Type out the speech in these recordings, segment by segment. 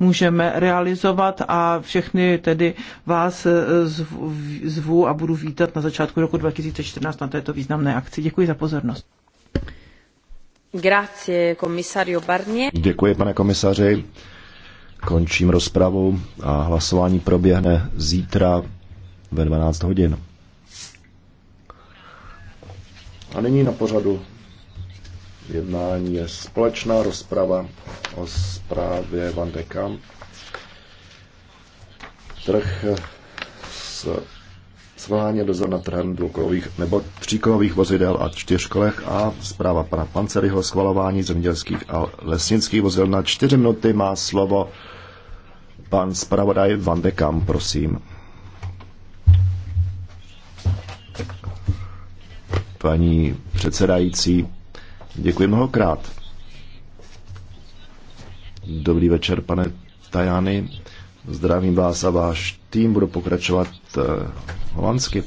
můžeme realizovat a všechny tedy vás eh, zvu a budu vítat na začátku roku 2014 na této významné akci. Děkuji za pozornost. Grazie, komisario Barnier. Děkuji, pane komisaři. Končím rozpravu a hlasování proběhne zítra ve 12 hodin. A nyní na pořadu jednání je společná rozprava o zprávě Van de Kamp. Trh s sváně dozor na trhem dvoukolových nebo tříkolových vozidel a čtyřkolech a zpráva pana Panceryho schvalování zemědělských a lesnických vozidel na čtyři minuty má slovo pan zpravodaj Van de Kamp, prosím. Paní předsedající, Děkuji mnohokrát. Dobrý večer, pane Tajany. Zdravím vás a váš tým. Budu pokračovat uh, holandsky.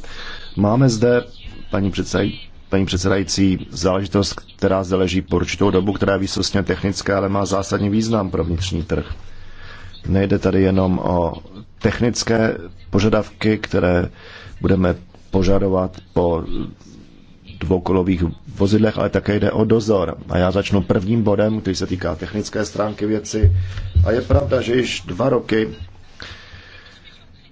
Máme zde, paní, předsedaj, paní předsedající, záležitost, která zde leží po určitou dobu, která je výsostně technická, ale má zásadní význam pro vnitřní trh. Nejde tady jenom o technické požadavky, které budeme požadovat po dvoukolových vozidlech, ale také jde o dozor. A já začnu prvním bodem, který se týká technické stránky věci. A je pravda, že již dva roky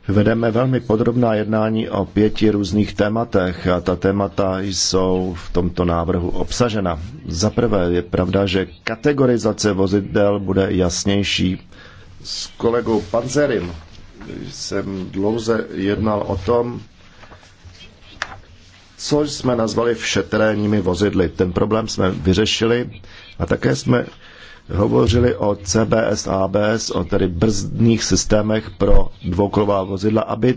vedeme velmi podrobná jednání o pěti různých tématech a ta témata jsou v tomto návrhu obsažena. Za prvé je pravda, že kategorizace vozidel bude jasnější. S kolegou Panzerim jsem dlouze jednal o tom, což jsme nazvali všeterénními vozidly. Ten problém jsme vyřešili a také jsme hovořili o CBS a ABS, o tedy brzdných systémech pro dvoukolová vozidla, aby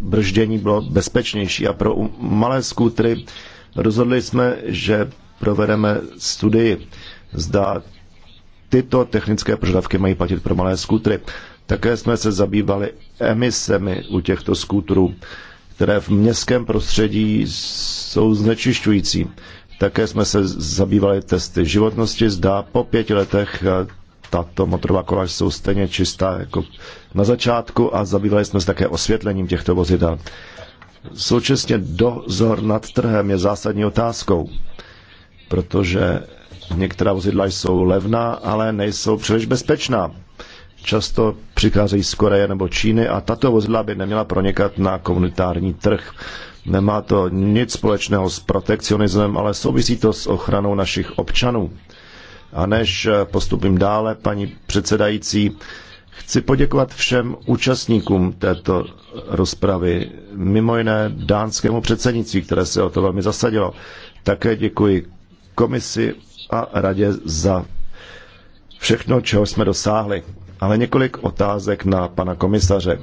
brždění bylo bezpečnější. A pro malé skútry rozhodli jsme, že provedeme studii, zda tyto technické požadavky mají platit pro malé skútry. Také jsme se zabývali emisemi u těchto skútrů které v městském prostředí jsou znečišťující. Také jsme se zabývali testy životnosti. Zdá po pěti letech eh, tato motorová kola jsou stejně čistá jako na začátku a zabývali jsme se také osvětlením těchto vozidel. Současně dozor nad trhem je zásadní otázkou, protože některá vozidla jsou levná, ale nejsou příliš bezpečná často přicházejí z Koreje nebo Číny a tato vozidla by neměla pronikat na komunitární trh. Nemá to nic společného s protekcionismem, ale souvisí to s ochranou našich občanů. A než postupím dále, paní předsedající, chci poděkovat všem účastníkům této rozpravy, mimo jiné dánskému předsednictví, které se o to velmi zasadilo. Také děkuji komisi a radě za všechno, čeho jsme dosáhli ale několik otázek na pana komisaře.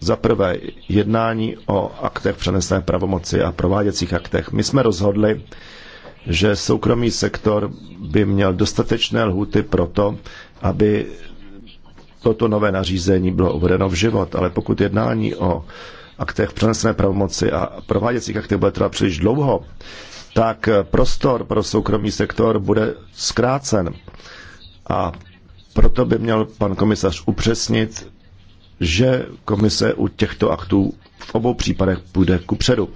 Za prvé, jednání o aktech přenesené pravomoci a prováděcích aktech. My jsme rozhodli, že soukromý sektor by měl dostatečné lhuty pro to, aby toto nové nařízení bylo uvedeno v život, ale pokud jednání o aktech přenesené pravomoci a prováděcích aktech bude trvat příliš dlouho, tak prostor pro soukromý sektor bude zkrácen. A proto by měl pan komisař upřesnit, že komise u těchto aktů v obou případech půjde ku předu.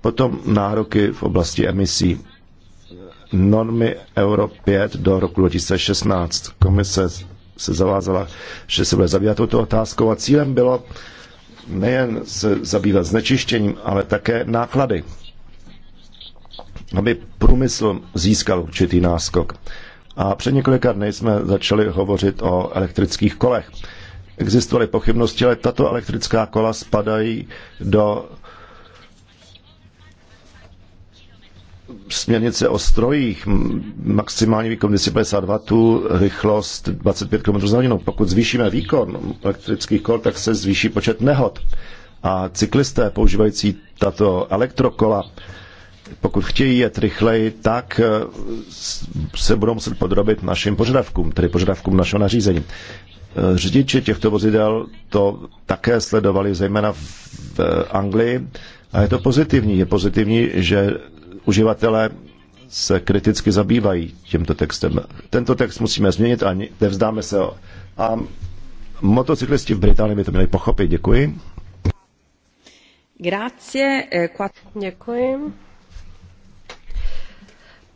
Potom nároky v oblasti emisí. Normy Euro 5 do roku 2016. Komise se zavázala, že se bude zabývat touto otázkou a cílem bylo nejen se zabývat znečištěním, ale také náklady, aby průmysl získal určitý náskok. A před několika dny jsme začali hovořit o elektrických kolech. Existovaly pochybnosti, ale tato elektrická kola spadají do směrnice o strojích, maximální výkon 250 W, rychlost 25 km za hodinu. Pokud zvýšíme výkon elektrických kol, tak se zvýší počet nehod. A cyklisté používající tato elektrokola pokud chtějí jet rychleji, tak eh, se budou muset podrobit našim požadavkům, tedy požadavkům našeho nařízení. Eh, řidiči těchto vozidel to také sledovali, zejména v Anglii, a je to pozitivní. Je pozitivní, že uživatelé se kriticky zabývají tímto textem. Tento text musíme změnit a nevzdáme se ho. A motocyklisti v Británii by to měli pochopit. Děkuji. Grazie. Eh, Děkuji.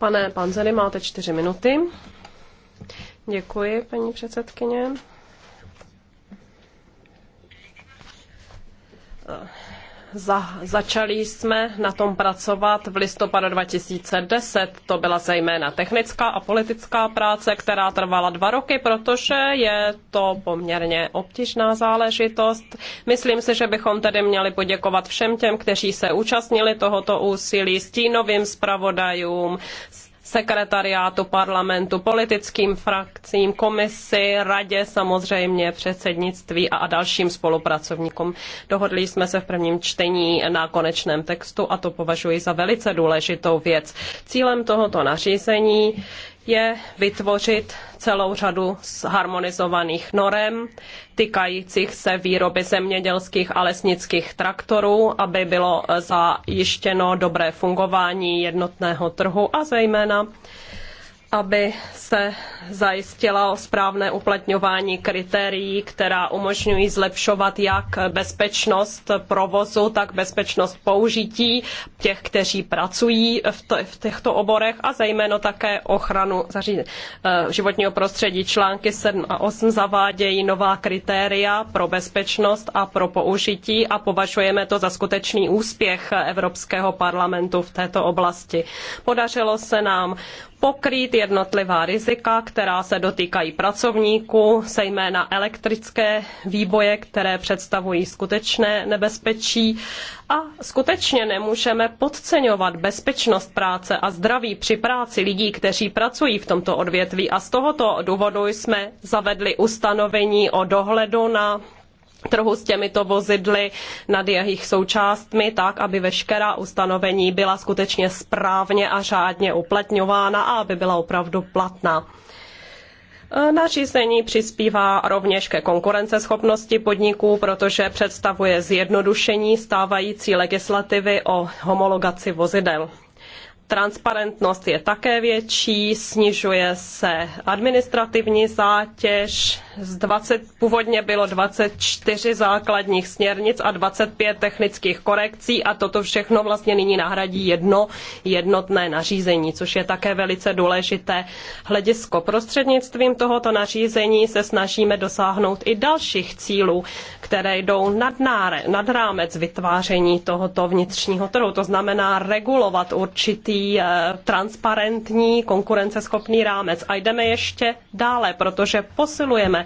Pane Panzery, máte čtyři minuty. Děkuji, paní předsedkyně. Za, začali jsme na tom pracovat v listopadu 2010. To byla zejména technická a politická práce, která trvala dva roky, protože je to poměrně obtížná záležitost. Myslím si, že bychom tedy měli poděkovat všem těm, kteří se účastnili tohoto úsilí, stínovým zpravodajům, sekretariátu parlamentu, politickým frakcím, komisi, radě samozřejmě, předsednictví a, dalším spolupracovníkům. Dohodli jsme se v prvním čtení na konečném textu a to považuji za velice důležitou věc. Cílem tohoto nařízení je vytvořit celou řadu harmonizovaných norem týkajících se výroby zemědělských a lesnických traktorů, aby bylo zajištěno dobré fungování jednotného trhu a zejména aby se zajistila správné uplatňování kritérií, která umožňují zlepšovat jak bezpečnost provozu, tak bezpečnost použití těch, kteří pracují v, těchto oborech a zejména také ochranu eh, životního prostředí. Články 7 a 8 zavádějí nová kritéria pro bezpečnost a pro použití a považujeme to za skutečný úspěch Evropského parlamentu v této oblasti. Podařilo se nám pokrýt jednotlivá rizika, která se dotýkají pracovníků, zejména elektrické výboje, které představují skutečné nebezpečí. A skutečně nemůžeme podceňovat bezpečnost práce a zdraví při práci lidí, kteří pracují v tomto odvětví. A z tohoto důvodu jsme zavedli ustanovení o dohledu na trhu s těmito vozidly nad jejich součástmi, tak aby veškerá ustanovení byla skutečně správně a řádně uplatňována a aby byla opravdu platná. E, nařízení přispívá rovněž ke konkurenceschopnosti podniků, protože představuje zjednodušení stávající legislativy o homologaci vozidel. Transparentnost je také větší, snižuje se administrativní zátěž, z 20, původně bylo 24 základních směrnic a 25 technických korekcí a toto všechno vlastně nyní nahradí jedno jednotné nařízení, což je také velice důležité hledisko. Prostřednictvím tohoto nařízení se snažíme dosáhnout i dalších cílů, které jdou nad, náre, nad rámec vytváření tohoto vnitřního trhu. To znamená regulovat určitý eh, transparentní konkurenceschopný rámec. A jdeme ještě dále, protože posilujeme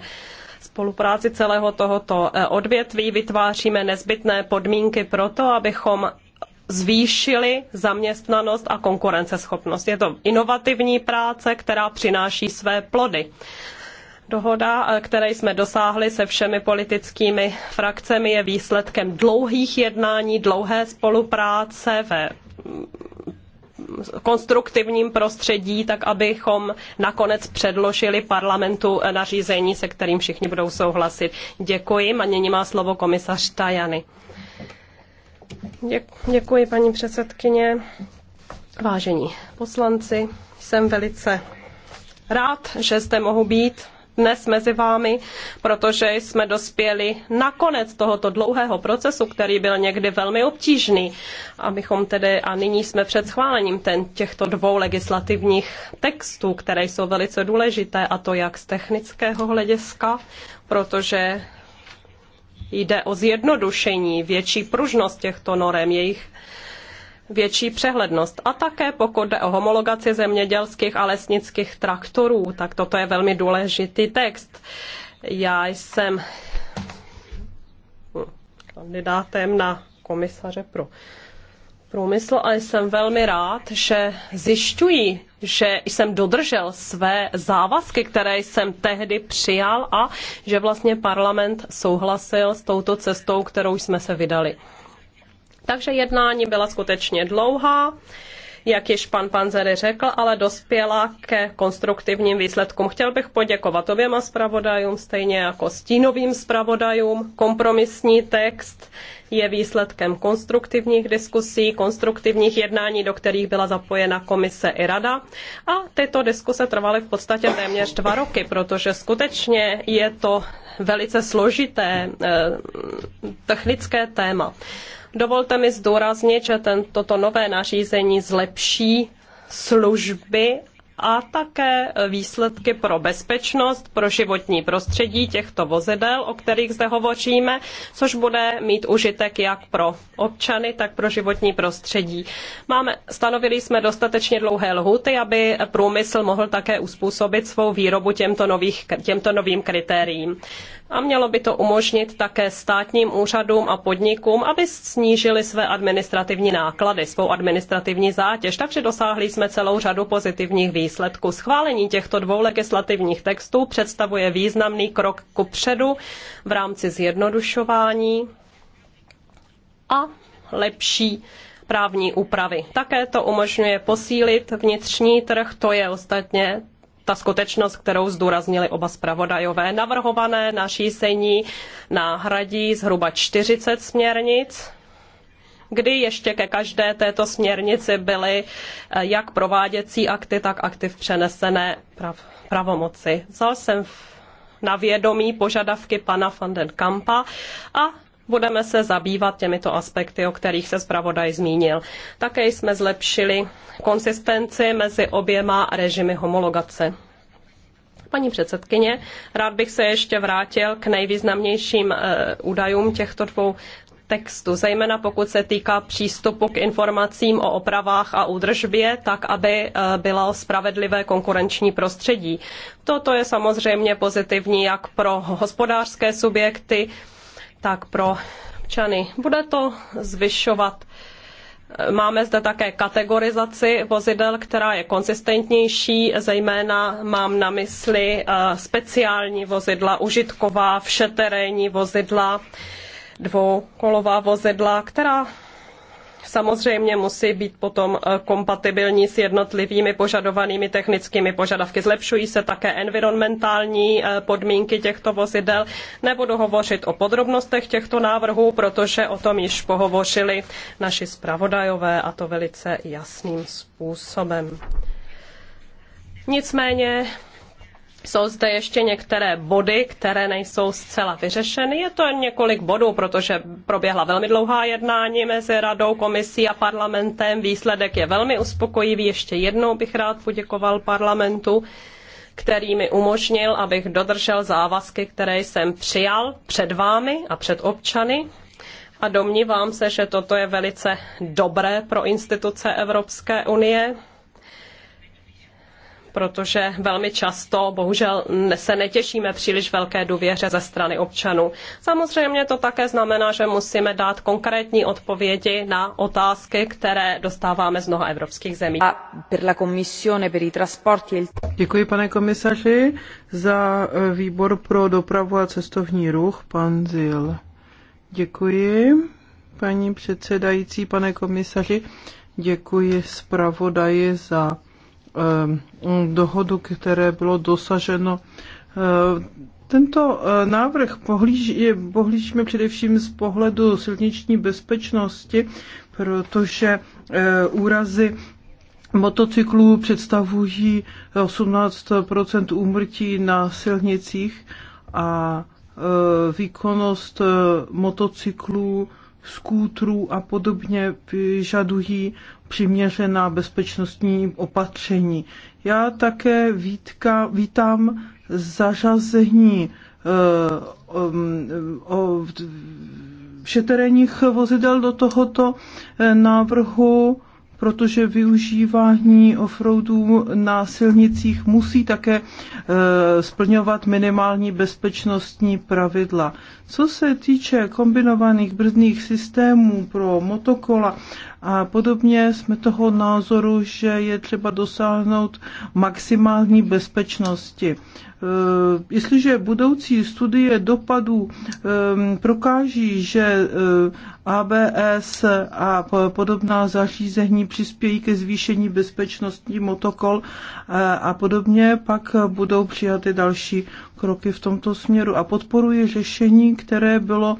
spolupráci celého tohoto eh, odvětví vytváříme nezbytné podmínky pro to, abychom zvýšili zaměstnanost a konkurenceschopnost. Je to inovativní práce, která přináší své plody. Dohoda, eh, které jsme dosáhli se všemi politickými frakcemi, je výsledkem dlouhých jednání, dlouhé spolupráce ve konstruktivním prostředí, tak abychom nakonec předložili parlamentu nařízení, se kterým všichni budou souhlasit. Děkuji a nyní má slovo komisař Tajany. Děkuji, paní předsedkyně. Vážení poslanci, jsem velice rád, že zde mohu být dnes mezi vámi, protože jsme dospěli na konec tohoto dlouhého procesu, který byl někdy velmi obtížný. Abychom tedy, a nyní jsme před schválením ten, těchto dvou legislativních textů, které jsou velice důležité, a to jak z technického hlediska, protože jde o zjednodušení, větší pružnost těchto norem, jejich větší přehlednost. A také pokud jde o homologaci zemědělských a lesnických traktorů, tak toto je velmi důležitý text. Já jsem kandidátem na komisaře pro průmysl a jsem velmi rád, že zjišťují, že jsem dodržel své závazky, které jsem tehdy přijal a že vlastně parlament souhlasil s touto cestou, kterou jsme se vydali. Takže jednání byla skutečně dlouhá, jak již pan Panzery řekl, ale dospěla ke konstruktivním výsledkům. Chtěl bych poděkovat oběma zpravodajům, stejně jako stínovým zpravodajům. Kompromisní text je výsledkem konstruktivních diskusí, konstruktivních jednání, do kterých byla zapojena komise i rada. A tyto diskuse trvaly v podstatě téměř dva roky, protože skutečně je to velice složité eh, technické téma. Dovolte mi zdůraznit, že tento, toto nové nařízení zlepší služby a také výsledky pro bezpečnost, pro životní prostředí těchto vozidel, o kterých zde hovoříme, což bude mít užitek jak pro občany, tak pro životní prostředí. Máme, stanovili jsme dostatečně dlouhé lhuty, aby průmysl mohl také uspůsobit svou výrobu těmto, nových, těmto novým kritériím. A mělo by to umožnit také státním úřadům a podnikům, aby snížili své administrativní náklady, svou administrativní zátěž. Takže dosáhli jsme celou řadu pozitivních výsledků výsledku. Schválení těchto dvou legislativních textů představuje významný krok kupředu v rámci zjednodušování a lepší právní úpravy. Také to umožňuje posílit vnitřní trh, to je ostatně ta skutečnost, kterou zdůraznili oba zpravodajové. Navrhované nařízení nahradí zhruba 40 směrnic kdy ještě ke každé této směrnici byly eh, jak prováděcí akty, tak akty v přenesené prav, pravomoci. Vzal jsem na vědomí požadavky pana van den Kampa a budeme se zabývat těmito aspekty, o kterých se zpravodaj zmínil. Také jsme zlepšili konsistenci mezi oběma režimy homologace. Paní předsedkyně, rád bych se ještě vrátil k nejvýznamnějším eh, údajům těchto dvou textu, zejména pokud se týká přístupu k informacím o opravách a údržbě, tak aby eh, bylo spravedlivé konkurenční prostředí. Toto je samozřejmě pozitivní jak pro hospodářské subjekty, tak pro občany. Bude to zvyšovat Máme zde také kategorizaci vozidel, která je konsistentnější, zejména mám na mysli eh, speciální vozidla, užitková, všeterénní vozidla, dvoukolová vozidla, která samozřejmě musí být potom eh, kompatibilní s jednotlivými požadovanými technickými požadavky. Zlepšují se také environmentální eh, podmínky těchto vozidel. Nebudu hovořit o podrobnostech těchto návrhů, protože o tom již pohovořili naši zpravodajové a to velice jasným způsobem. Nicméně jsou zde ještě některé body, které nejsou zcela vyřešeny. Je to několik bodů, protože proběhla velmi dlouhá jednání mezi radou, komisí a parlamentem. Výsledek je velmi uspokojivý. Ještě jednou bych rád poděkoval parlamentu který mi umožnil, abych dodržel závazky, které jsem přijal před vámi a před občany. A domnívám se, že toto je velice dobré pro instituce Evropské unie, protože velmi často bohužel se netěšíme příliš velké důvěře ze strany občanů. Samozřejmě to také znamená, že musíme dát konkrétní odpovědi na otázky, které dostáváme z mnoha evropských zemí. A per la commissione per i trasporti. Děkuji, pane komisaři, za e, výbor pro dopravu a cestovní ruch, pan Zil. Děkuji, paní předsedající, pane komisaři. Děkuji zpravodaji za Ehm, dohodu, které bylo dosaženo. Ehm, tento eh, návrh pohlíží, pohlížíme především z pohledu silniční bezpečnosti, protože eh, úrazy motocyklů představují 18 úmrtí na silnicích a eh, výkonnost motocyklů skútrů a podobně vyžadují přiměřená bezpečnostní opatření. Já také vítka, vítám zařazení uh, um, o, šetereních vozidel do tohoto eh, návrhu protože využívání offroadů na silnicích musí také eh, splňovat minimální bezpečnostní pravidla. Co se týče kombinovaných brzdných systémů pro motokola a podobně, jsme toho názoru, že je třeba dosáhnout maximální bezpečnosti. Eh, jestliže budoucí studie dopadů ehm, prokáží, že ABS eh, a podobná zařízení přispějí ke zvýšení bezpečnosti motokol eh, a podobně, pak budou přijaty další kroky v tomto směru. A podporuji řešení, které bylo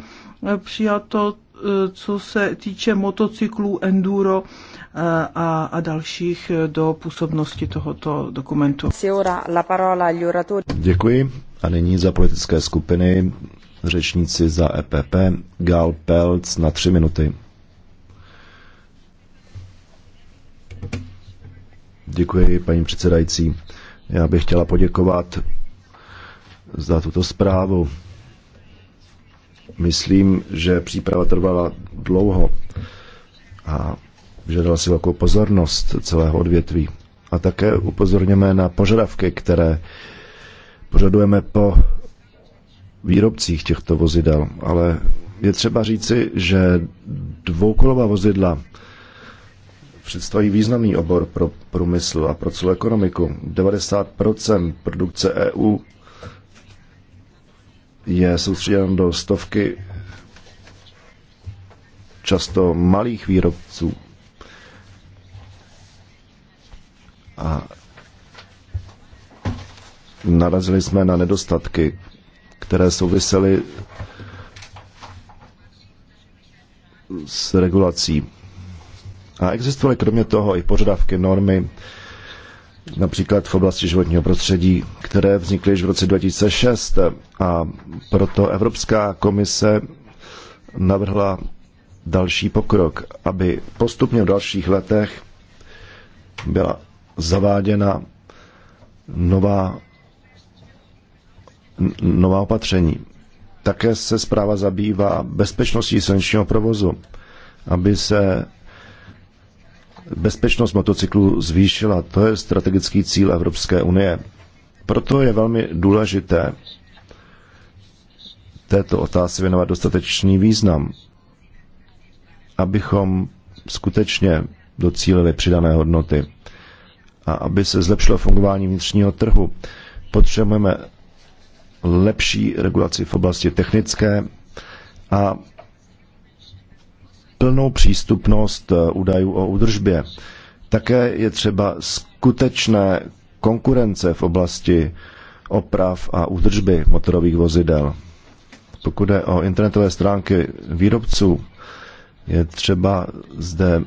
přijato Eh, co se týče motocyklů, enduro eh, a, a dalších eh, do působnosti tohoto dokumentu. Děkuji. A nyní za politické skupiny řečníci za EPP Gal Pelc na tři minuty. Děkuji, paní předsedající. Já bych chtěla poděkovat za tuto zprávu myslím, že příprava trvala dlouho a vyžadala si velkou pozornost celého odvětví. A také upozorněme na požadavky, které požadujeme po výrobcích těchto vozidel. Ale je třeba říci, že dvoukolová vozidla představují významný obor pro průmysl a pro celou ekonomiku. 90% produkce EU je soustředěn do stovky často malých výrobců. A narazili jsme na nedostatky, které souvisely s regulací. A existovaly kromě toho i požadavky normy například v oblasti životního prostředí, které vznikly již v roce 2006 a proto Evropská komise navrhla další pokrok, aby postupně v dalších letech byla zaváděna nová, nová opatření. Také se zpráva zabývá bezpečností silničního provozu, aby se bezpečnost motocyklů zvýšila. To je strategický cíl Evropské unie. Proto je velmi důležité této otázce věnovat dostatečný význam, abychom skutečně docílili přidané hodnoty a aby se zlepšilo fungování vnitřního trhu. Potřebujeme lepší regulaci v oblasti technické a plnou přístupnost eh, údajů o údržbě. Také je třeba skutečné konkurence v oblasti oprav a údržby motorových vozidel. Pokud jde o internetové stránky výrobců, je třeba zde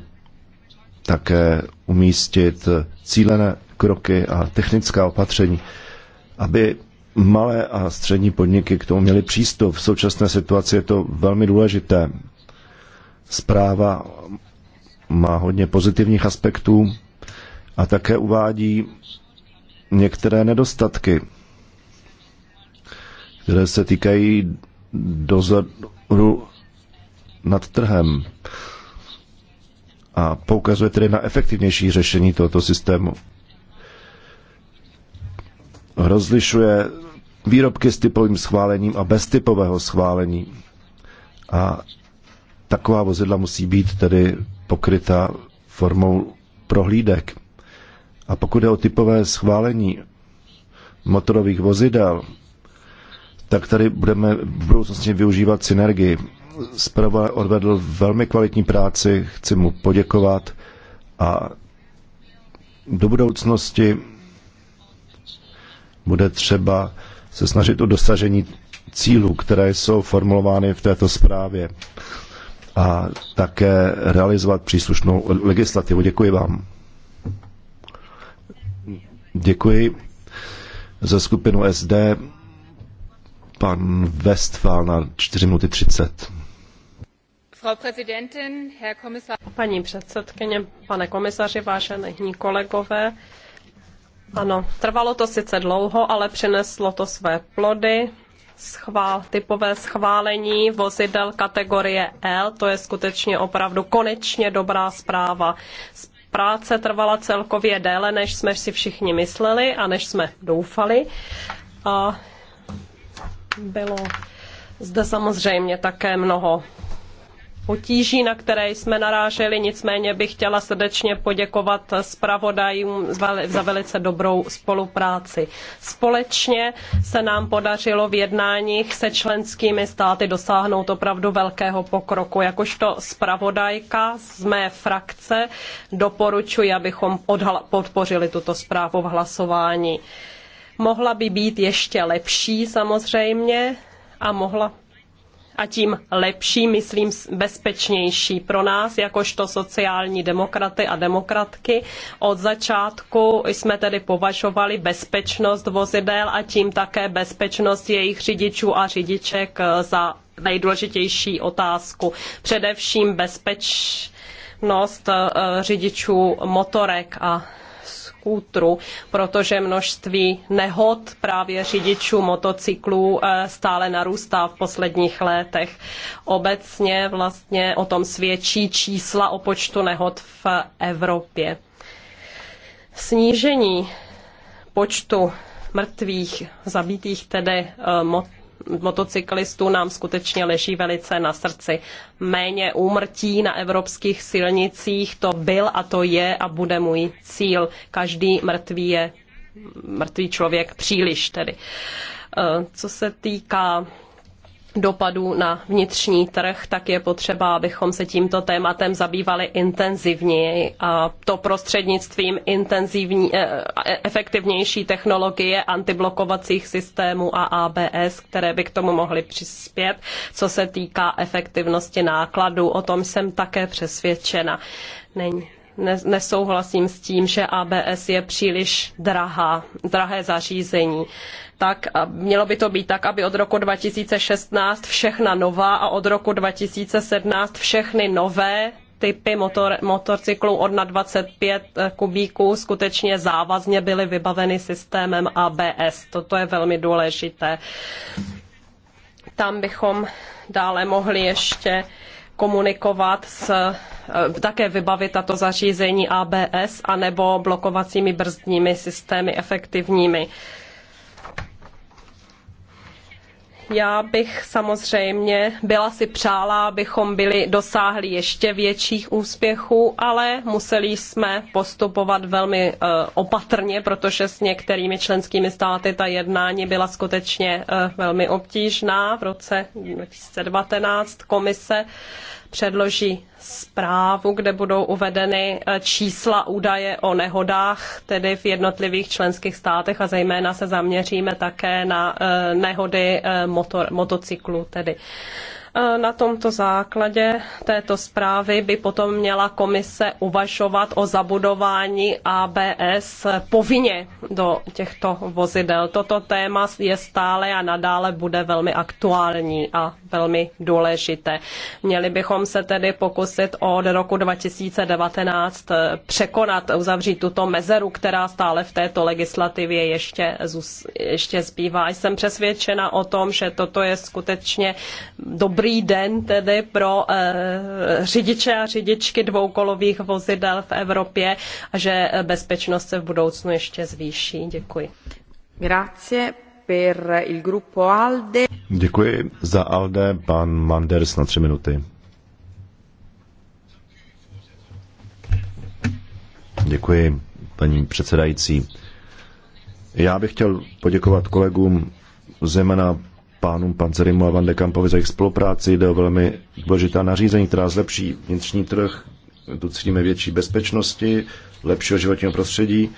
také umístit cílené kroky a technická opatření, aby malé a střední podniky k tomu měly přístup. V současné situaci je to velmi důležité. Zpráva má hodně pozitivních aspektů a také uvádí některé nedostatky, které se týkají dozoru nad trhem a poukazuje tedy na efektivnější řešení tohoto systému. Rozlišuje výrobky s typovým schválením a bez typového schválení a taková vozidla musí být tedy pokryta formou prohlídek. A pokud je o typové schválení motorových vozidel, tak tady budeme v budoucnosti využívat synergii. Zprava odvedl velmi kvalitní práci, chci mu poděkovat a do budoucnosti bude třeba se snažit o dosažení cílů, které jsou formulovány v této zprávě a také realizovat příslušnou legislativu. Děkuji vám. Děkuji. Ze skupinu SD pan Westphal na 4 minuty 30. Paní předsedkyně, pane komisaři, vážení kolegové, ano, trvalo to sice dlouho, ale přineslo to své plody schvál, typové schválení vozidel kategorie L. To je skutečně opravdu konečně dobrá zpráva. Práce trvala celkově déle, než jsme si všichni mysleli a než jsme doufali. A bylo zde samozřejmě také mnoho potíží, na které jsme naráželi, nicméně bych chtěla srdečně poděkovat zpravodajům za velice dobrou spolupráci. Společně se nám podařilo v jednáních se členskými státy dosáhnout opravdu velkého pokroku. Jakožto zpravodajka z mé frakce doporučuji, abychom podpořili tuto zprávu v hlasování. Mohla by být ještě lepší samozřejmě a mohla a tím lepší, myslím, bezpečnější pro nás, jakožto sociální demokraty a demokratky. Od začátku jsme tedy považovali bezpečnost vozidel a tím také bezpečnost jejich řidičů a řidiček eh, za nejdůležitější otázku. Především bezpečnost eh, řidičů motorek a kútru, protože množství nehod právě řidičů motocyklů eh, stále narůstá v posledních letech. Obecně vlastně o tom svědčí čísla o počtu nehod v Evropě. Snížení počtu mrtvých, zabitých tedy eh, motocyklistů nám skutečně leží velice na srdci. Méně úmrtí na evropských silnicích to byl a to je a bude můj cíl. Každý mrtvý je mrtvý člověk příliš tedy. Eh, co se týká dopadů na vnitřní trh, tak je potřeba, abychom se tímto tématem zabývali intenzivněji a to prostřednictvím intenzivní, eh, eh, efektivnější technologie antiblokovacích systémů a ABS, které by k tomu mohly přispět. Co se týká efektivnosti nákladů, o tom jsem také přesvědčena. Není nesouhlasím s tím, že ABS je příliš drahá, drahé zařízení. Tak mělo by to být tak, aby od roku 2016 všechna nová a od roku 2017 všechny nové typy motor, motocyklů od na 25 kubíků skutečně závazně byly vybaveny systémem ABS. Toto je velmi důležité. Tam bychom dále mohli ještě komunikovat s eh, také vybavit tato zařízení ABS anebo blokovacími brzdními systémy efektivními. Já bych samozřejmě byla si přála, abychom byli dosáhli ještě větších úspěchů, ale museli jsme postupovat velmi eh, opatrně, protože s některými členskými státy ta jednání byla skutečně eh, velmi obtížná v roce 2019 komise předloží zprávu, kde budou uvedeny eh, čísla údaje o nehodách, tedy v jednotlivých členských státech a zejména se zaměříme také na eh, nehody eh, motor, motocyklu. Tedy. E, na tomto základě této zprávy by potom měla komise uvažovat o zabudování ABS povinně do těchto vozidel. Toto téma je stále a nadále bude velmi aktuální a velmi důležité. Měli bychom se tedy pokusit od roku 2019 překonat, uzavřít tuto mezeru, která stále v této legislativě ještě, ještě zbývá. Jsem přesvědčena o tom, že toto je skutečně dobrý dobrý den tedy pro eh, řidiče a řidičky dvoukolových vozidel v Evropě a že bezpečnost se v budoucnu ještě zvýší. Děkuji. Grazie per il gruppo ALDE. Děkuji za ALDE, pan Manders na tři minuty. Děkuji, paní předsedající. Já bych chtěl poděkovat kolegům, zejména pánům Panzerimu a Van de Kampovi za jejich spolupráci. Jde o velmi důležitá nařízení, která zlepší vnitřní trh, tu cítíme větší bezpečnosti, lepšího životního prostředí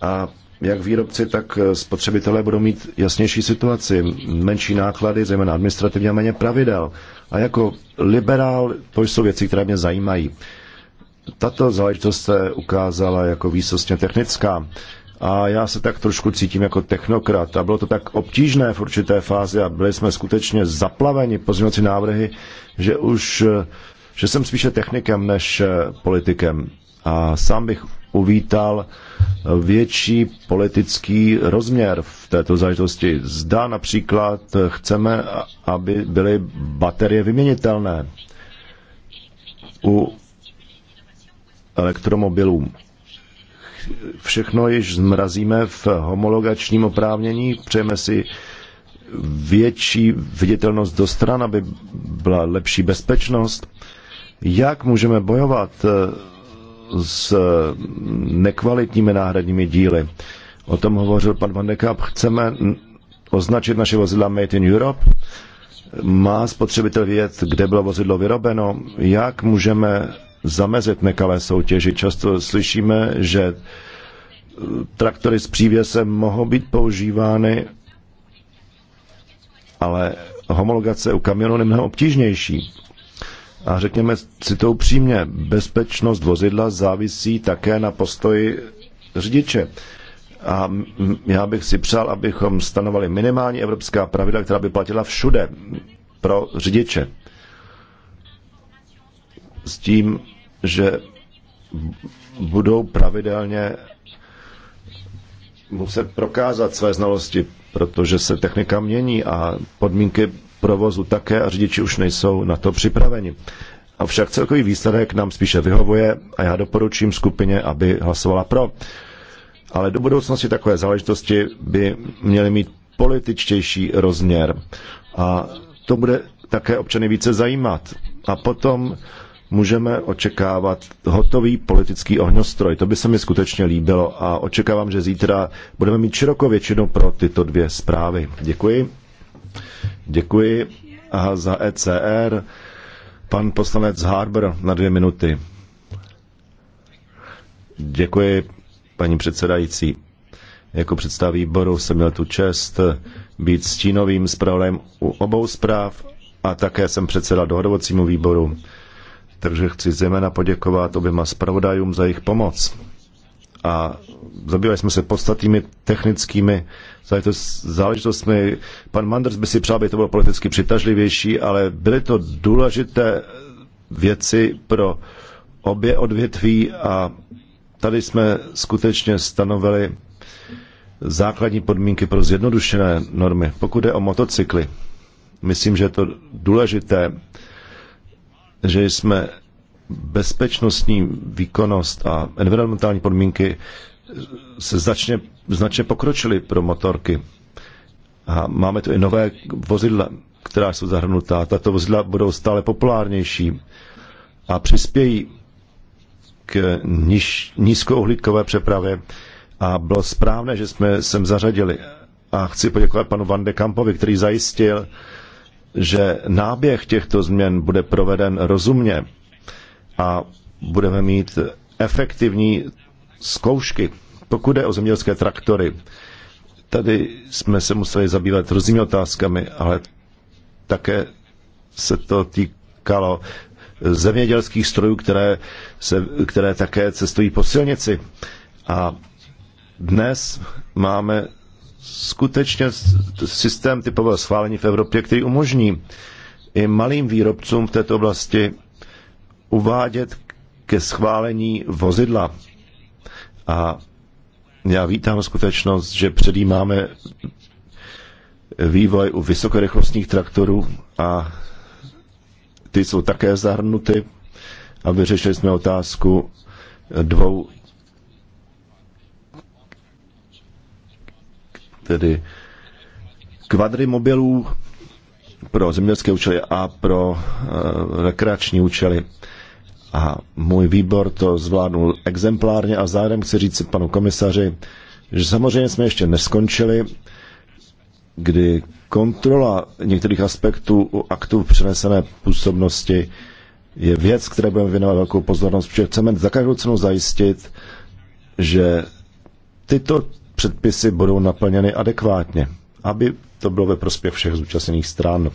a jak výrobci, tak spotřebitelé budou mít jasnější situaci, menší náklady, zejména administrativně a méně pravidel. A jako liberál to jsou věci, které mě zajímají. Tato záležitost se ukázala jako výsostně technická a já se tak trošku cítím jako technokrat. A bylo to tak obtížné v určité fázi a byli jsme skutečně zaplaveni pozměňovací návrhy, že už že jsem spíše technikem než politikem. A sám bych uvítal větší politický rozměr v této zážitosti. Zda například chceme, aby byly baterie vyměnitelné u elektromobilů všechno již zmrazíme v homologačním oprávnění. Přejeme si větší viditelnost do stran, aby byla lepší bezpečnost. Jak můžeme bojovat eh, s nekvalitními náhradními díly? O tom hovořil pan Van Dekab. Chceme označit naše vozidla Made in Europe. Má spotřebitel vědět, kde bylo vozidlo vyrobeno? Jak můžeme zamezit nekalé soutěži. Často slyšíme, že eh, traktory s přívěsem mohou být používány, ale homologace u kamionu je mnohem obtížnější. A řekněme si to upřímně, bezpečnost vozidla závisí také na postoji řidiče. A já bych si přál, abychom stanovali minimální evropská pravidla, která by platila všude pro řidiče s tím, že budou pravidelně muset prokázat své znalosti, protože se technika mění a podmínky provozu také a řidiči už nejsou na to připraveni. Avšak celkový výsledek nám spíše vyhovuje a já doporučím skupině, aby hlasovala pro. Ale do budoucnosti takové záležitosti by měly mít političtější rozměr. A to bude také občany více zajímat. A potom můžeme očekávat hotový politický ohňostroj. To by se mi skutečně líbilo a očekávám, že zítra budeme mít široko většinu pro tyto dvě zprávy. Děkuji. Děkuji a za ECR pan poslanec Harber na dvě minuty. Děkuji, paní předsedající. Jako představí výboru jsem měl tu čest být stínovým zpravodajem u obou zpráv a také jsem předseda dohodovacímu výboru. Takže chci zejména poděkovat oběma zpravodajům za jejich pomoc. A zabývali jsme se podstatnými technickými záležitostmi. Pan Manders by si přál, aby to bylo politicky přitažlivější, ale byly to důležité věci pro obě odvětví a tady jsme skutečně stanovili základní podmínky pro zjednodušené normy. Pokud je o motocykly, myslím, že je to důležité že jsme bezpečnostní výkonnost a environmentální podmínky se značně, značně pokročily pro motorky. A máme tu i nové vozidla, která jsou zahrnutá. Tato vozidla budou stále populárnější a přispějí k niž, nízkouhlíkové přepravě. A bylo správné, že jsme sem zařadili. A chci poděkovat panu Van de Kampovi, který zajistil, že náběh těchto změn bude proveden rozumně a budeme mít efektivní zkoušky. Pokud jde o zemědělské traktory, tady jsme se museli zabývat různými otázkami, ale také se to týkalo zemědělských strojů, které, se, které také cestují po silnici. A dnes máme skutečně systém typového schválení v Evropě, který umožní i malým výrobcům v této oblasti uvádět ke schválení vozidla. A já vítám skutečnost, že předjímáme vývoj u vysokorychlostních traktorů a ty jsou také zahrnuty a vyřešili jsme otázku dvou tedy kvadrimobilů pro zemědělské účely a pro e, rekreační účely. A můj výbor to zvládnul exemplárně a zároveň chci říct panu komisaři, že samozřejmě jsme ještě neskončili, kdy kontrola některých aspektů u aktů přenesené působnosti je věc, které budeme věnovat velkou pozornost, protože chceme za každou cenu zajistit, že tyto předpisy budou naplněny adekvátně, aby to bylo ve prospěch všech zúčastněných stran.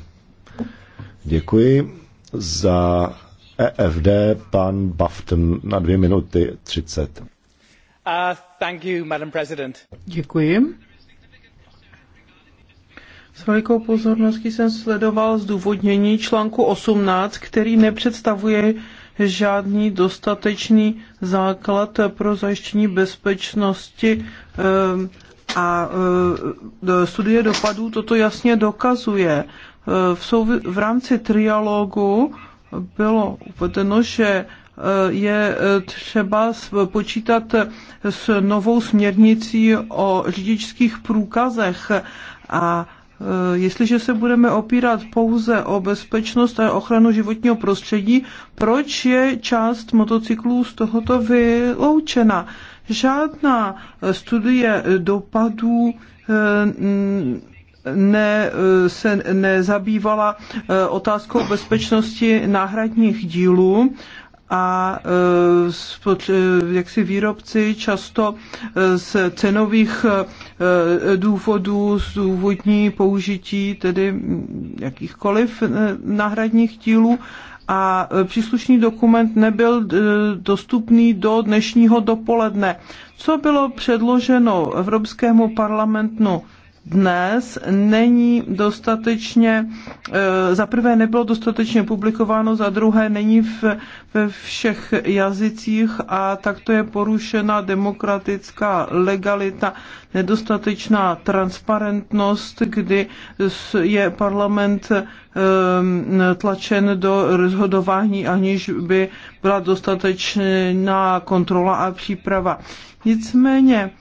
Děkuji za EFD pan Bafton na dvě minuty třicet. Uh, thank you, Madam President. Děkuji. S velikou pozorností jsem sledoval zdůvodnění článku 18, který nepředstavuje žádný dostatečný základ pro zajištění bezpečnosti ehm, a e, e, studie dopadů toto jasně dokazuje. E, v, souvi- v rámci trialogu bylo uvedeno, že je třeba počítat s novou směrnicí o řidičských průkazech a Eh, jestliže se budeme opírat pouze o bezpečnost a ochranu životního prostředí, proč je část motocyklů z tohoto vyloučena? Žádná studie dopadů eh, ne, eh, se nezabývala otázkou bezpečnosti náhradních dílů a e, e, jak si výrobci často e, z cenových důvodů zdůvodní použití tedy jakýchkoliv náhradních tílů a příslušný dokument nebyl dostupný do dnešního dopoledne. Co bylo předloženo Evropskému parlamentu dnes není dostatečně, eh, za prvé nebylo dostatečně publikováno, za druhé není v, ve všech jazycích a takto je porušena demokratická legalita, nedostatečná transparentnost, kdy je parlament eh, tlačen do rozhodování, aniž by byla dostatečná kontrola a příprava. Nicméně,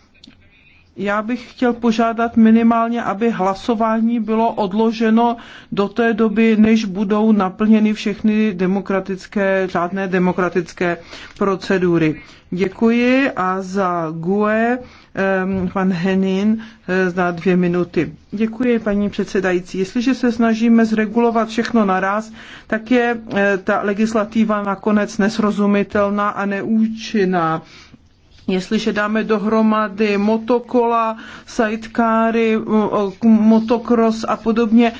já bych chtěl požádat minimálně, aby hlasování bylo odloženo do té doby, než budou naplněny všechny demokratické, řádné demokratické procedury. Děkuji a za GUE pan Henin eh, za dvě minuty. Děkuji, paní předsedající. Jestliže se snažíme zregulovat všechno naraz, tak je eh, ta legislativa nakonec nesrozumitelná a neúčinná. Jestliže dáme dohromady motokola, sidecary, motocross a podobně,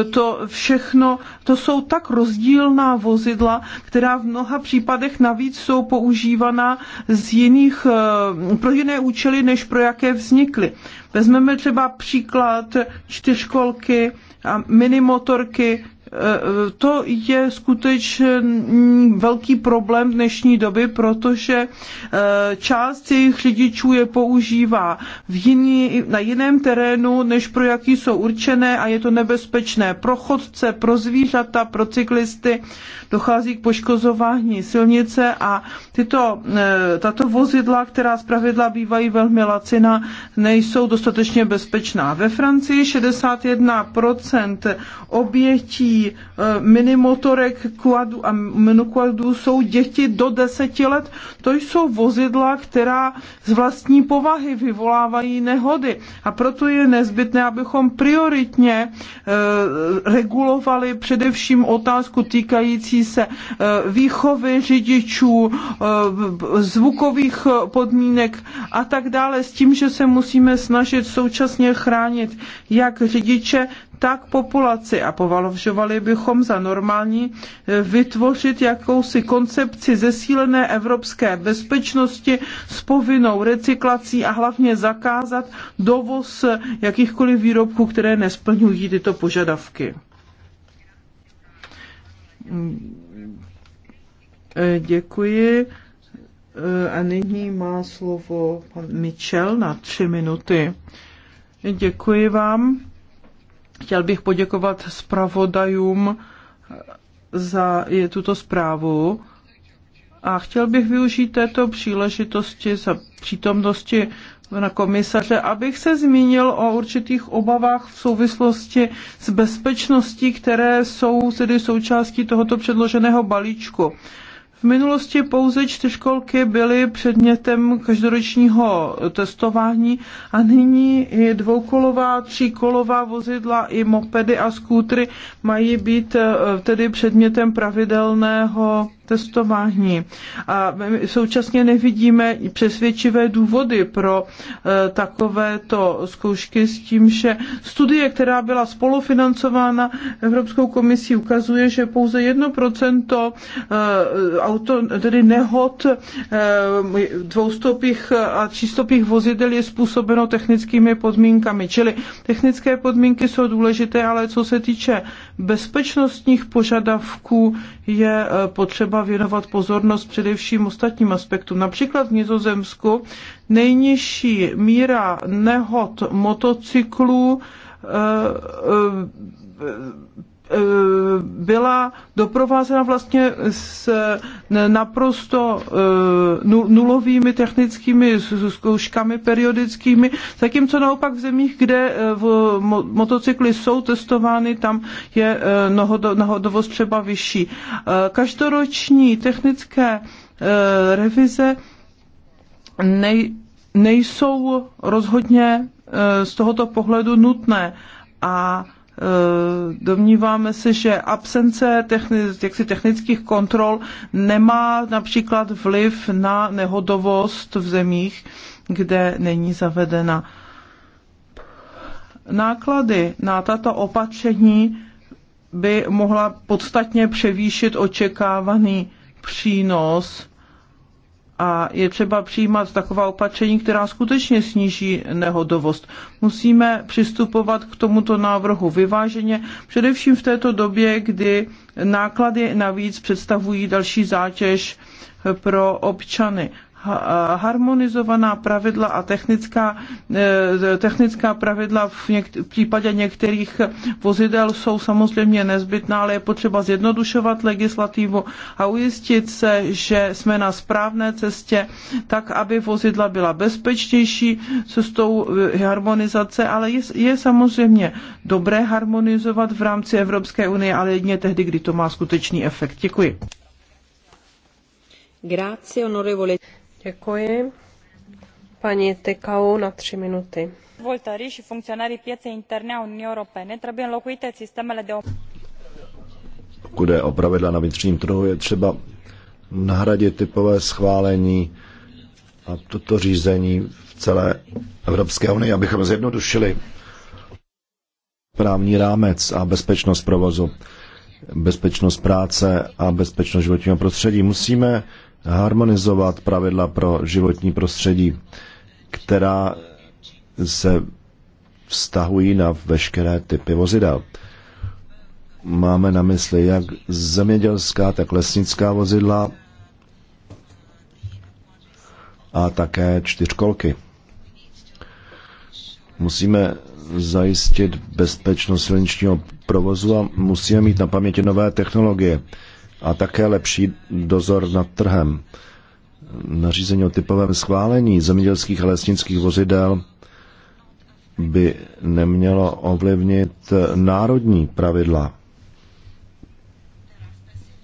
e, to všechno, to jsou tak rozdílná vozidla, která v mnoha případech navíc jsou používaná z jiných, e, pro jiné účely, než pro jaké vznikly. Vezmeme třeba příklad čtyřkolky a minimotorky, Eh, to je skutečně velký problém dnešní doby, protože eh, část jejich řidičů je používá v jiný, na jiném terénu, než pro jaký jsou určené a je to nebezpečné pro chodce, pro zvířata, pro cyklisty. Dochází k poškozování silnice a tyto, eh, tato vozidla, která zpravidla bývají velmi lacina, nejsou dostatečně bezpečná. Ve Francii 61% obětí Eh, minimotorek, kladu a minokladu jsou děti do deseti let. To jsou vozidla, která z vlastní povahy vyvolávají nehody. A proto je nezbytné, abychom prioritně eh, regulovali především otázku týkající se eh, výchovy řidičů, zvukových podmínek a tak dále, s tím, že se musíme snažit současně chránit jak řidiče, tak populaci a považovali bychom za normální e, vytvořit jakousi koncepci zesílené evropské bezpečnosti s povinnou recyklací a hlavně zakázat dovoz jakýchkoliv výrobků, které nesplňují tyto požadavky. E, děkuji. E, a nyní má slovo pan Mitchell na tři minuty. Děkuji vám. Chtěl bych poděkovat zpravodajům eh, za tuto zprávu a chtěl bych využít této příležitosti za přítomnosti na komisaře, abych se zmínil o určitých obavách v souvislosti s bezpečností, které jsou tedy součástí tohoto předloženého balíčku minulosti pouze čtyřkolky byly předmětem každoročního testování a nyní i dvoukolová, tříkolová vozidla i mopedy a skútry mají být eh, tedy předmětem pravidelného testování. A současně nevidíme přesvědčivé důvody pro e, takovéto zkoušky s tím, že studie, která byla spolufinancována Evropskou komisí, ukazuje, že pouze 1% e, auto, tedy nehod e, dvoustopých a třístopých vozidel je způsobeno technickými podmínkami. Čili technické podmínky jsou důležité, ale co se týče bezpečnostních požadavků, je potřeba třeba věnovat pozornost především ostatním aspektům. Například v Nizozemsku nejnižší míra nehod motocyklů eh, eh, Eh, byla doprovázena vlastně s naprosto eh, nulovými technickými zkouškami periodickými, zatímco naopak v zemích, kde eh, v motocykly jsou testovány, tam je nahodovost třeba vyšší. Každoroční technické revize nej, nejsou rozhodně z tohoto pohledu nutné a Domníváme se, že absence technických, technických kontrol nemá například vliv na nehodovost v zemích, kde není zavedena. Náklady na tato opatření by mohla podstatně převýšit očekávaný přínos a je třeba přijímat taková opatření, která skutečně sníží nehodovost. Musíme přistupovat k tomuto návrhu vyváženě, především v této době, kdy náklady navíc představují další zátěž pro občany. Eh, harmonizovaná pravidla a technická, eh, technická pravidla v, něk- v případě některých vozidel jsou samozřejmě nezbytná, ale je potřeba zjednodušovat legislativu a ujistit se, že jsme na správné cestě, tak aby vozidla byla bezpečnější cestou eh, harmonizace, ale je, je samozřejmě dobré harmonizovat v rámci Evropské unie, ale jedině tehdy, kdy to má skutečný efekt. Děkuji. Grazie, onorevole. Děkuji. Paní Tykau na tři minuty. Dezvoltării și funcționării pieței interne a Uniunii Europene trebuie înlocuite sistemele de... Pokud je o pravidla na vnitřním trhu, je třeba nahradit typové schválení a toto řízení v celé Evropské unii, abychom zjednodušili právní rámec a bezpečnost provozu, bezpečnost práce a bezpečnost životního prostředí. Musíme harmonizovat pravidla pro životní prostředí, která se vztahují na veškeré typy vozidel. Máme na mysli jak zemědělská, tak lesnická vozidla a také čtyřkolky. Musíme zajistit bezpečnost silničního provozu a musíme mít na paměti nové technologie a také lepší dozor nad trhem. Nařízení o typovém schválení zemědělských a lesnických vozidel by nemělo ovlivnit národní pravidla.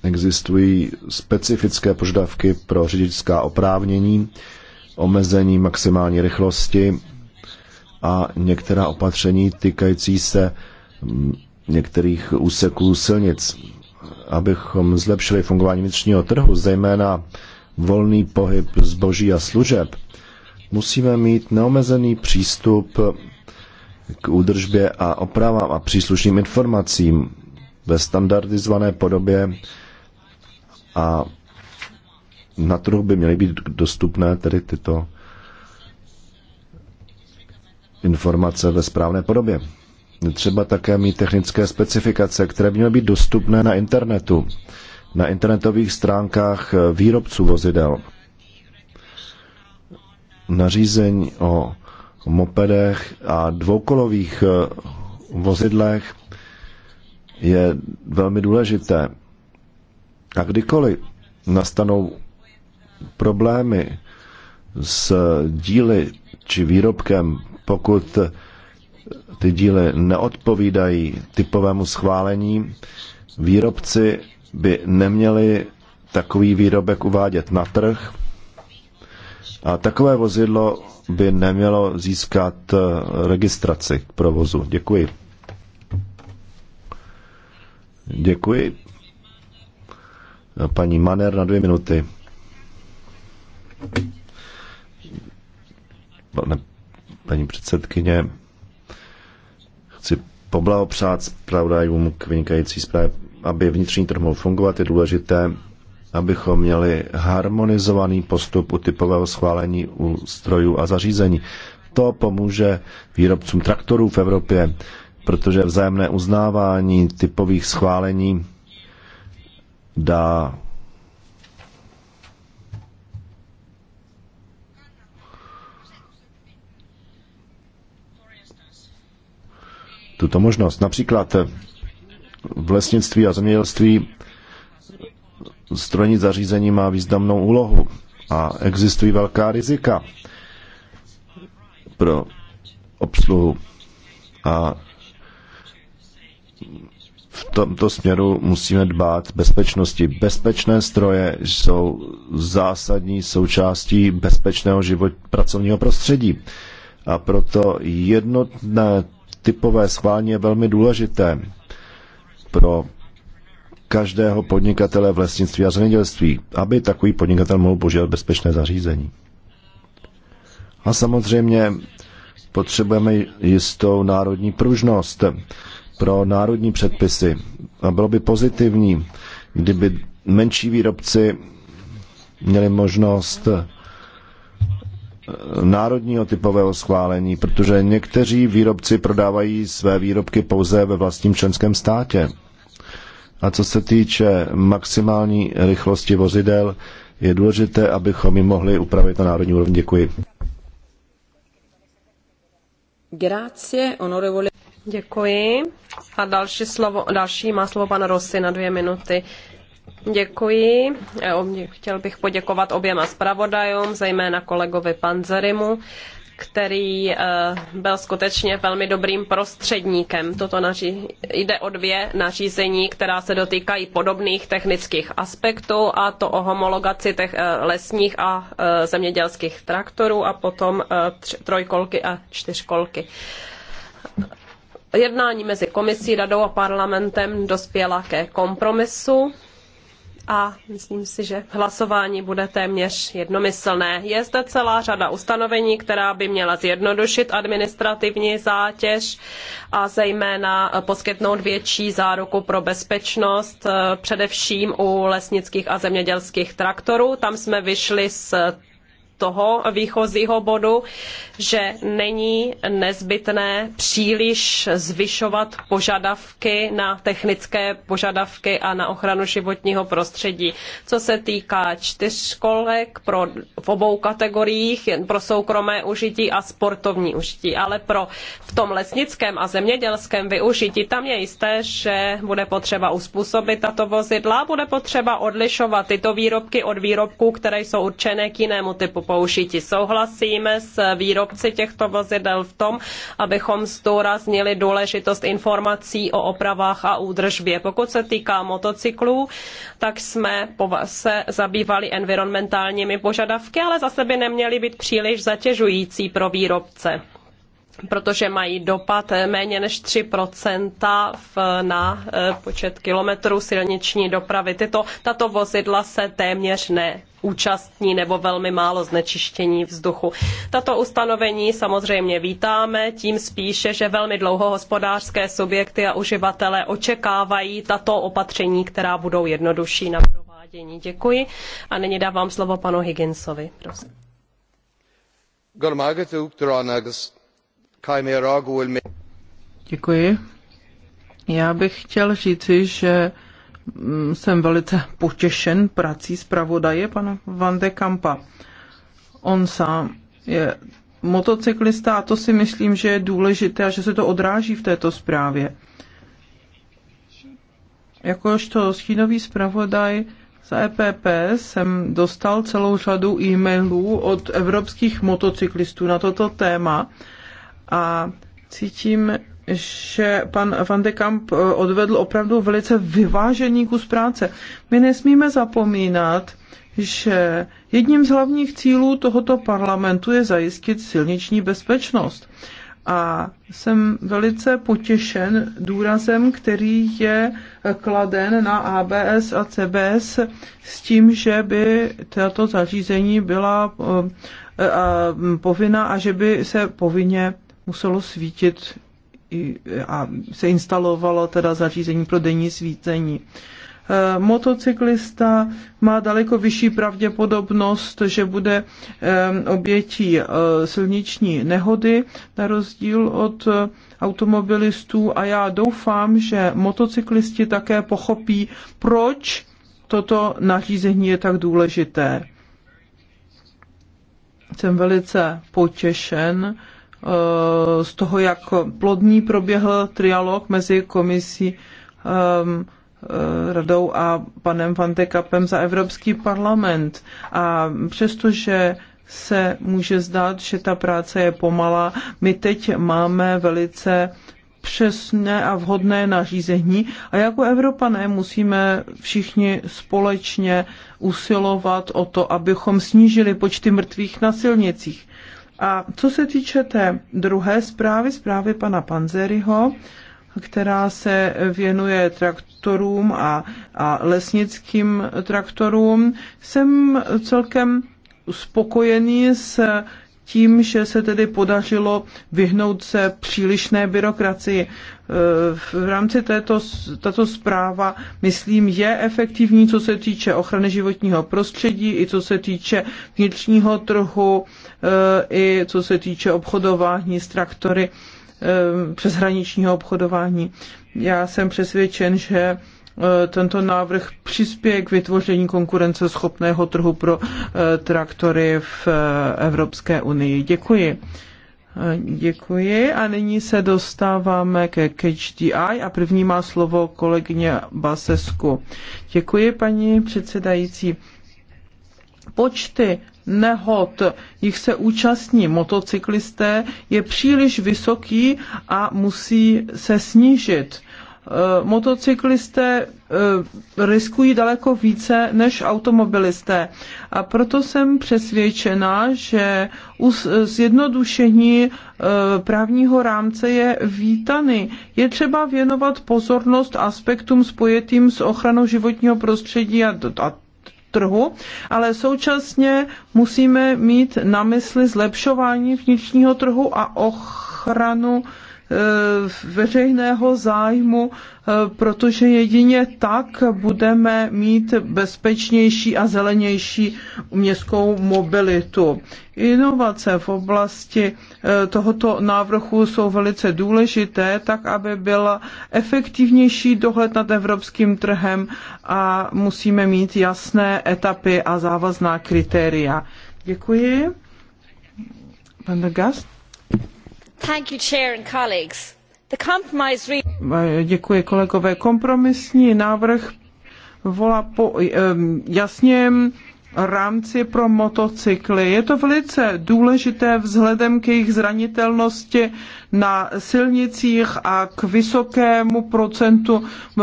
Existují specifické požadavky pro řidičská oprávnění, omezení maximální rychlosti a některá opatření týkající se některých úseků silnic abychom zlepšili fungování vnitřního trhu, zejména volný pohyb zboží a služeb, musíme mít neomezený přístup k údržbě a opravám a příslušným informacím ve standardizované podobě a na trhu by měly být dostupné tedy tyto informace ve správné podobě třeba také mít technické specifikace, které by měly být dostupné na internetu, na internetových stránkách eh, výrobců vozidel. Nařízení o mopedech a dvoukolových eh, vozidlech je velmi důležité. A kdykoliv nastanou problémy s díly či výrobkem, pokud ty díly neodpovídají typovému schválení, výrobci by neměli takový výrobek uvádět na trh a takové vozidlo by nemělo získat eh, registraci k provozu. Děkuji. Děkuji. Paní Maner na dvě minuty. Pane, paní předsedkyně, Chci poblahopřát zpravodajům k vynikající zprávě, aby vnitřní trh mohl fungovat, je důležité, abychom měli harmonizovaný postup u typového schválení u strojů a zařízení. To pomůže výrobcům traktorů v Evropě, protože vzájemné uznávání typových schválení dá tuto možnost. Například eh, v lesnictví a zemědělství strojní zařízení má významnou úlohu a existují velká rizika pro obsluhu. A v tomto směru musíme dbát bezpečnosti. Bezpečné stroje jsou zásadní součástí bezpečného život, pracovního prostředí. A proto jednotné typové schválně je velmi důležité pro každého podnikatele v lesnictví a zemědělství, aby takový podnikatel mohl požívat bezpečné zařízení. A samozřejmě potřebujeme jistou národní pružnost pro národní předpisy. A bylo by pozitivní, kdyby menší výrobci měli možnost národního typového schválení, protože někteří výrobci prodávají své výrobky pouze ve vlastním členském státě. A co se týče maximální rychlosti vozidel, je důležité, abychom ji mohli upravit na národní úrovni. Děkuji. Grazie, Děkuji. A další, slovo, další má slovo pan Rossi na dvě minuty. Děkuji. E, chtěl bych poděkovat oběma zpravodajům, zejména kolegovi Panzerimu, který e, byl skutečně velmi dobrým prostředníkem. Toto naří... jde o dvě nařízení, která se dotýkají podobných technických aspektů, a to o homologaci e, lesních a zemědělských traktorů a potom trojkolky a čtyřkolky. Jednání mezi komisí, radou a parlamentem dospěla ke kompromisu a myslím si, že hlasování bude téměř jednomyslné. Je zde celá řada ustanovení, která by měla zjednodušit administrativní zátěž a zejména poskytnout větší záruku pro bezpečnost, eh, především u lesnických a zemědělských traktorů. Tam jsme vyšli z toho výchozího bodu, že není nezbytné příliš zvyšovat požadavky na technické požadavky a na ochranu životního prostředí. Co se týká čtyřkolek pro, v obou kategoriích, pro soukromé užití a sportovní užití, ale pro v tom lesnickém a zemědělském využití, tam je jisté, že bude potřeba uspůsobit tato vozidla, bude potřeba odlišovat tyto výrobky od výrobků, které jsou určené k jinému typu použití. Souhlasíme s výrobci těchto vozidel v tom, abychom zdůraznili důležitost informací o opravách a údržbě. Pokud se týká motocyklů, tak jsme se zabývali environmentálními požadavky, ale zase by neměly být příliš zatěžující pro výrobce protože mají dopad méně než 3% v, na eh, počet kilometrů silniční dopravy. Tyto, tato vozidla se téměř ne účastní nebo velmi málo znečištění vzduchu. Tato ustanovení samozřejmě vítáme, tím spíše, že velmi dlouho hospodářské subjekty a uživatelé očekávají tato opatření, která budou jednodušší na provádění. Děkuji a nyní dávám slovo panu Higginsovi. Prosím. Děkuji. Já bych chtěl říci, že mm, jsem velice potěšen prací zpravodaje pana Van de Kampa. On sám je motocyklista a to si myslím, že je důležité a že se to odráží v této zprávě. Jakožto stínový zpravodaj za EPP jsem dostal celou řadu e-mailů od evropských motocyklistů na toto téma a cítím, že pan Van de Kamp eh, odvedl opravdu velice vyvážený kus práce. My nesmíme zapomínat, že jedním z hlavních cílů tohoto parlamentu je zajistit silniční bezpečnost. A jsem velice potěšen důrazem, který je eh, kladen na ABS a CBS s tím, že by tato zařízení byla eh, povinna a že by se povinně muselo svítit a se instalovalo teda zařízení pro denní svícení. E, motocyklista má daleko vyšší pravděpodobnost, že bude obětí e, silniční nehody, na rozdíl od e, automobilistů. A já doufám, že motocyklisti také pochopí, proč toto nařízení je tak důležité. Jsem velice potěšen, Eh, z toho, jak plodný proběhl trialog mezi komisí ehm, eh, radou a panem Van de Kapem za Evropský parlament. A přestože se může zdát, že ta práce je pomalá, my teď máme velice přesné a vhodné nařízení a jako Evropané musíme všichni společně usilovat o to, abychom snížili počty mrtvých na silnicích. A co se týče té druhé zprávy, zprávy pana Panzeryho, která se věnuje traktorům a, a lesnickým traktorům, jsem celkem spokojený s tím, že se tedy podařilo vyhnout se přílišné byrokracii. Eh, v rámci této tato zpráva, myslím, je efektivní, co se týče ochrany životního prostředí, i co se týče vnitřního trhu, eh, i co se týče obchodování s traktory, eh, přeshraničního obchodování. Já jsem přesvědčen, že Eh, tento návrh přispěje k vytvoření konkurenceschopného trhu pro eh, traktory v eh, Evropské unii. Děkuji. Děkuji a nyní se dostáváme ke Catch a první má slovo kolegyně Basesku. Děkuji paní předsedající. Počty nehod, jich se účastní motocyklisté, je příliš vysoký a musí se snížit Eh, motocyklisté eh, riskují daleko více než automobilisté. A proto jsem přesvědčena, že zjednodušení eh, právního rámce je vítany. Je třeba věnovat pozornost aspektům spojetým s ochranou životního prostředí a, trhu, ale současně musíme mít na mysli zlepšování vnitřního trhu a ochranu Eh, veřejného zájmu, eh, protože jedině tak budeme mít bezpečnější a zelenější městskou mobilitu. Inovace v oblasti eh, tohoto návrhu jsou velice důležité, tak aby byl efektivnější dohled nad evropským trhem a musíme mít jasné etapy a závazná kritéria. Děkuji. Pan Gast? Eh, děkuji kolegové. Kompromisní návrh volá po eh, jasném rámci pro motocykly. Je to velice důležité vzhledem k jejich zranitelnosti na silnicích a k vysokému procentu eh,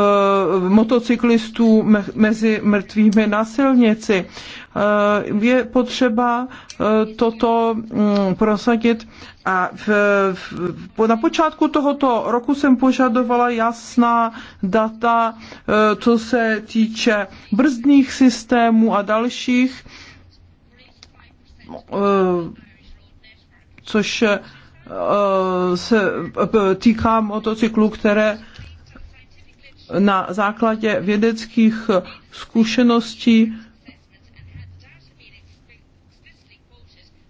motocyklistů mezi mrtvými na silnici. Eh, je potřeba eh, toto mm, prosadit. A v, v, na počátku tohoto roku jsem požadovala jasná data, eh, co se týče brzdných systémů a dalších, což se týká motocyklů, které na základě vědeckých zkušeností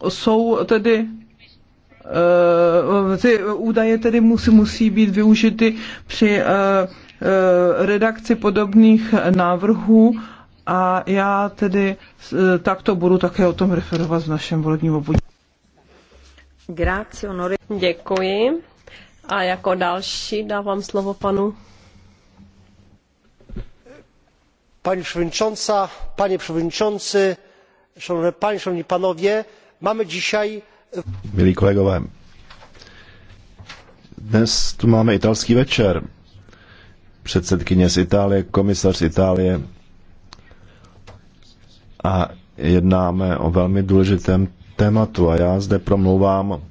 jsou tedy eh, ty údaje tedy musí, musí být využity při eh, eh, redakci podobných návrhů a já tedy takto budu také o tom referovat v našem volebním obvodě. Děkuji. A jako další dávám slovo panu. Pani przewodnicząca, panie przewodniczący, szanowne panie, szanowni panowie, Máme dzisiaj... Milí kolegové, dnes tu máme italský večer. Předsedkyně z Itálie, komisař z Itálie. A jednáme o velmi důležitém tématu a já zde promlouvám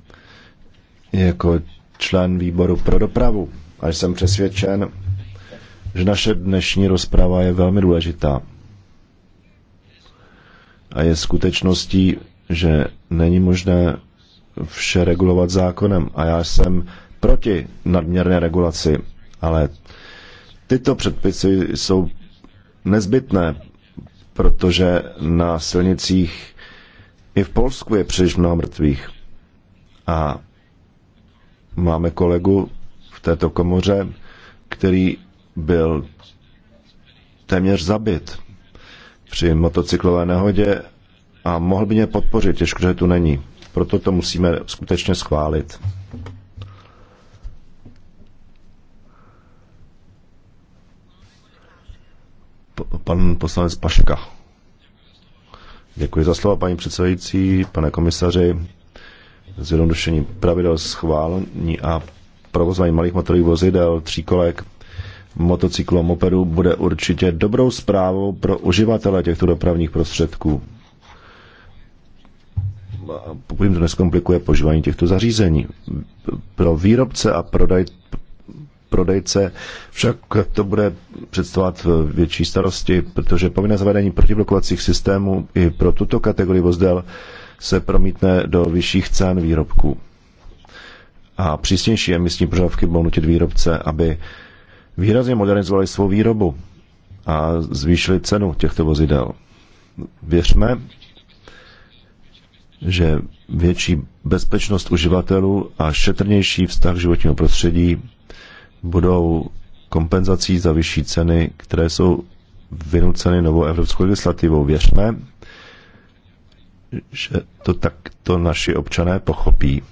jako člen výboru pro dopravu. A jsem přesvědčen, že naše dnešní rozprava je velmi důležitá. A je skutečností, že není možné vše regulovat zákonem a já jsem proti nadměrné regulaci, ale tyto předpisy jsou nezbytné, protože na silnicích i v Polsku je příliš mnoho mrtvých. A máme kolegu v této komoře, který byl téměř zabit při motocyklové nehodě a mohl by mě podpořit, těžko, že tu není. Proto to musíme skutečně schválit. pan poslanec Paška. Děkuji za slova, paní předsedající, pane komisaři. Zjednodušení pravidel schválení a provozování malých motorových vozidel, tříkolek, motocyklu, a mopedu bude určitě dobrou zprávou pro uživatele těchto dopravních prostředků pokud jim to neskomplikuje požívání těchto zařízení. Pro výrobce a prodaj, prodejce však to bude představovat větší starosti, protože povinné zavedení protiblokovacích systémů i pro tuto kategorii vozdel se promítne do vyšších cen výrobků. A přísnější emisní požadavky budou nutit výrobce, aby výrazně modernizovali svou výrobu a zvýšili cenu těchto vozidel. Věřme, že větší bezpečnost uživatelů a šetrnější vztah životního prostředí budou kompenzací za vyšší ceny, které jsou vynuceny novou evropskou legislativou. Věřme, že to takto naši občané pochopí.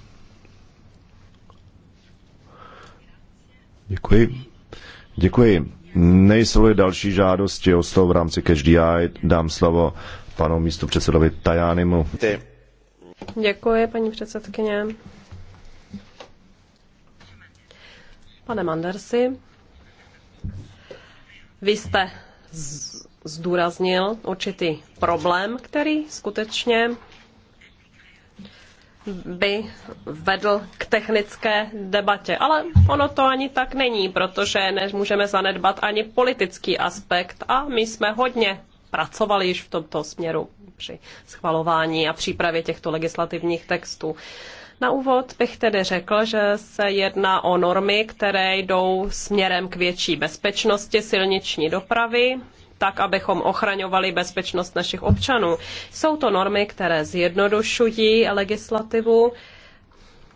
Děkuji. Děkuji. Nejsou-li další žádosti o slovo v rámci CashDI, dám slovo panu místu předsedovi Tajánimu. Ty. Děkuji, paní předsedkyně. Pane Mandersi, vy jste zdůraznil určitý problém, který skutečně by vedl k technické debatě. Ale ono to ani tak není, protože nemůžeme zanedbat ani politický aspekt a my jsme hodně pracovali již v tomto směru při schvalování a přípravě těchto legislativních textů. Na úvod bych tedy řekl, že se jedná o normy, které jdou směrem k větší bezpečnosti silniční dopravy, tak, abychom ochraňovali bezpečnost našich občanů. Jsou to normy, které zjednodušují legislativu,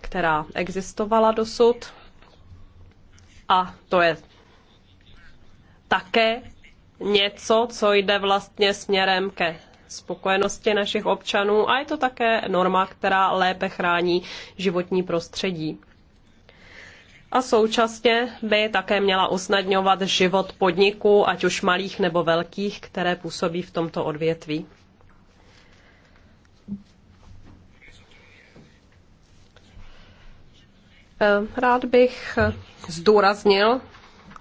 která existovala dosud. A to je také něco, co jde vlastně směrem ke spokojenosti našich občanů a je to také norma, která lépe chrání životní prostředí. A současně by také měla usnadňovat život podniků, ať už malých nebo velkých, které působí v tomto odvětví. Ehm, rád bych zdůraznil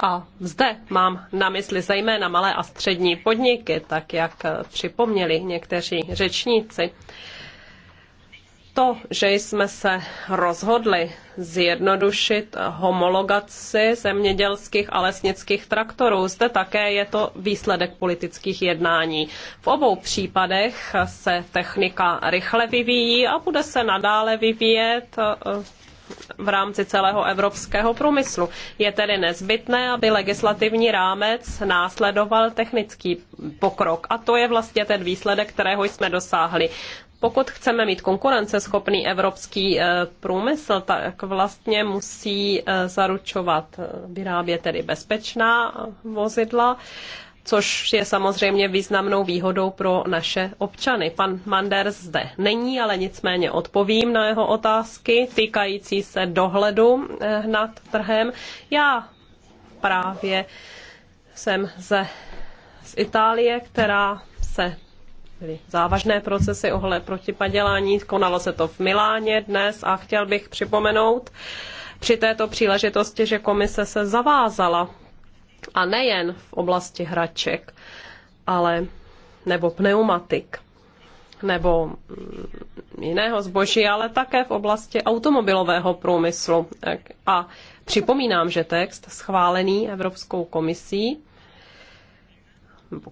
a zde mám na mysli zejména malé a střední podniky, tak jak připomněli někteří řečníci. To, že jsme se rozhodli zjednodušit homologaci zemědělských a lesnických traktorů, zde také je to výsledek politických jednání. V obou případech se technika rychle vyvíjí a bude se nadále vyvíjet eh, v rámci celého evropského průmyslu. Je tedy nezbytné, aby legislativní rámec následoval technický pokrok. A to je vlastně ten výsledek, kterého jsme dosáhli. Pokud chceme mít konkurenceschopný evropský e, průmysl, tak vlastně musí e, zaručovat, e, vyrábět tedy bezpečná vozidla, což je samozřejmě významnou výhodou pro naše občany. Pan Manders zde není, ale nicméně odpovím na jeho otázky týkající se dohledu eh, nad trhem. Já právě jsem ze, z Itálie, která se byly závažné procesy ohle proti padělání. Konalo se to v Miláně dnes a chtěl bych připomenout při této příležitosti, že komise se zavázala a nejen v oblasti hraček, ale nebo pneumatik, nebo mm, jiného zboží, ale také v oblasti automobilového průmyslu. A připomínám, že text schválený Evropskou komisí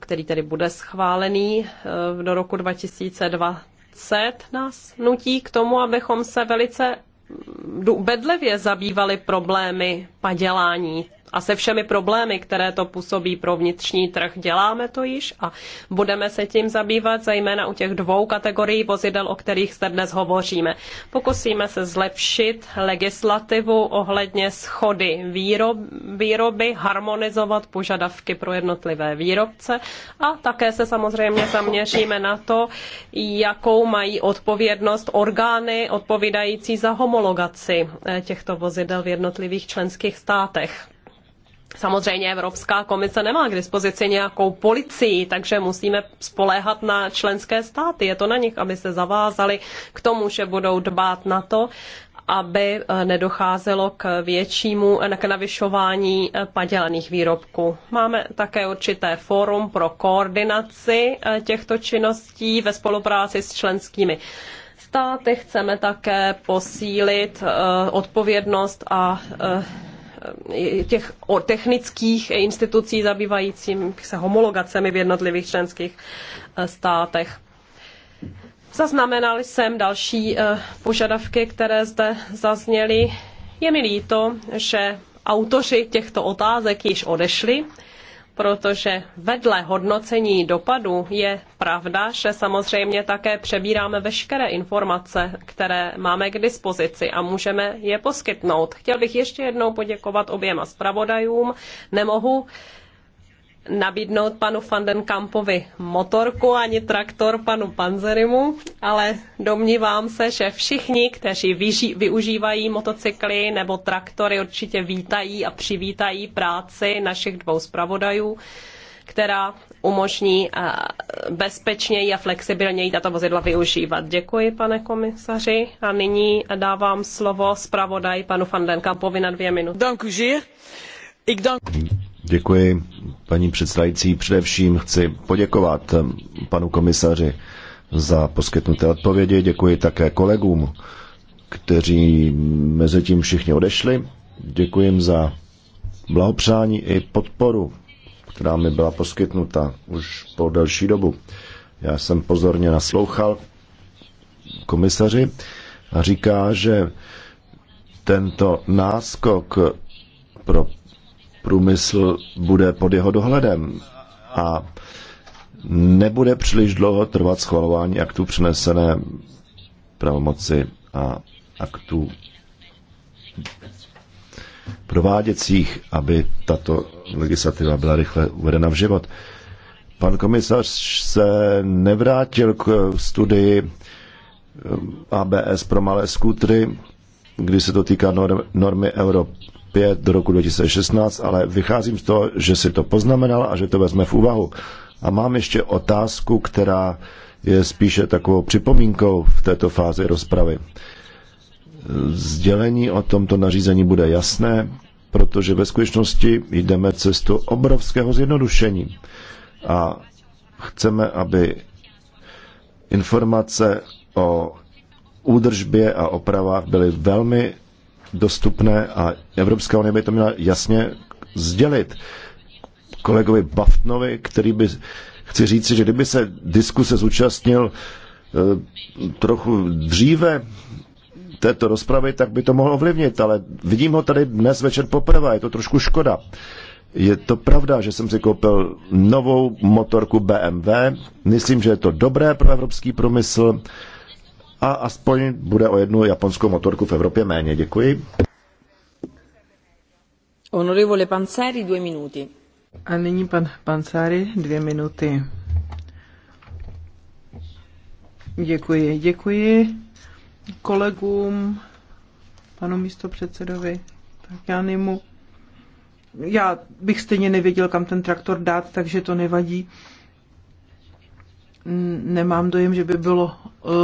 který tedy bude schválený eh, do roku 2020, nás nutí k tomu, abychom se velice mm, bedlivě zabývali problémy padělání a se všemi problémy, které to působí pro vnitřní trh. Děláme to již a budeme se tím zabývat zejména u těch dvou kategorií vozidel, o kterých se dnes hovoříme. Pokusíme se zlepšit legislativu ohledně schody výrob, výroby, harmonizovat požadavky pro jednotlivé výrobce a také se samozřejmě zaměříme na to, jakou mají odpovědnost orgány odpovídající za homologaci eh, těchto vozidel v jednotlivých členských členských státech. Samozřejmě Evropská komise nemá k dispozici nějakou policii, takže musíme spoléhat na členské státy. Je to na nich, aby se zavázali k tomu, že budou dbát na to, aby eh, nedocházelo k většímu eh, k navyšování eh, padělaných výrobků. Máme také určité fórum pro koordinaci těchto činností ve spolupráci s členskými státy. Chceme také posílit odpovědnost a Eh, těch technických institucí zabývajícím se homologacemi v jednotlivých členských eh, státech. Zaznamenal jsem další eh, požadavky, které zde zazněly. Je mi líto, že autoři těchto otázek již odešli protože vedle hodnocení dopadu je pravda, že samozřejmě také přebíráme veškeré informace, které máme k dispozici a můžeme je poskytnout. Chtěl bych ještě jednou poděkovat oběma zpravodajům. Nemohu nabídnout panu Kampovi motorku ani traktor panu Panzerimu, ale domnívám se, že všichni, kteří vyži- využívají motocykly nebo traktory, určitě vítají a přivítají práci našich dvou zpravodajů, která umožní eh, bezpečněji a flexibilněji tato vozidla využívat. Děkuji, pane komisaři. A nyní dávám slovo zpravodaj panu Kampovi na dvě minuty. Děkuji. Ik dank... Děkuji, paní předsedající. Především chci poděkovat panu komisaři za poskytnuté odpovědi. Děkuji také kolegům, kteří mezi tím všichni odešli. Děkuji jim za blahopřání i podporu, která mi byla poskytnuta už po delší dobu. Já jsem pozorně naslouchal komisaři a říká, že tento náskok pro průmysl bude pod jeho dohledem a nebude příliš dlouho trvat schvalování aktů přenesené pravomoci a aktů prováděcích, aby tato legislativa byla rychle uvedena v život. Pan komisař se nevrátil k studii ABS pro malé skutry, kdy se to týká normy Euro 2005 do roku 2016, ale vycházím z toho, že si to poznamenal a že to vezme v úvahu. A mám ještě otázku, která je spíše takovou připomínkou v této fázi rozpravy. Sdělení o tomto nařízení bude jasné, protože ve skutečnosti jdeme cestu obrovského zjednodušení. A chceme, aby informace o údržbě a opravách byly velmi dostupné a Evropská unie by to měla jasně sdělit kolegovi Baftnovi, který by, chci říct, že kdyby se diskuse zúčastnil eh, trochu dříve této rozpravy, tak by to mohlo ovlivnit, ale vidím ho tady dnes večer poprvé, je to trošku škoda. Je to pravda, že jsem si koupil novou motorku BMW. Myslím, že je to dobré pro evropský průmysl a aspoň bude o jednu japonskou motorku v Evropě méně. Děkuji. Honorevole Pansari, dvě minuty. A nyní pan Pansari, dvě minuty. Děkuji, děkuji kolegům, panu místopředsedovi Takianimu. Já bych stejně nevěděl, kam ten traktor dát, takže to nevadí nemám dojem, že by bylo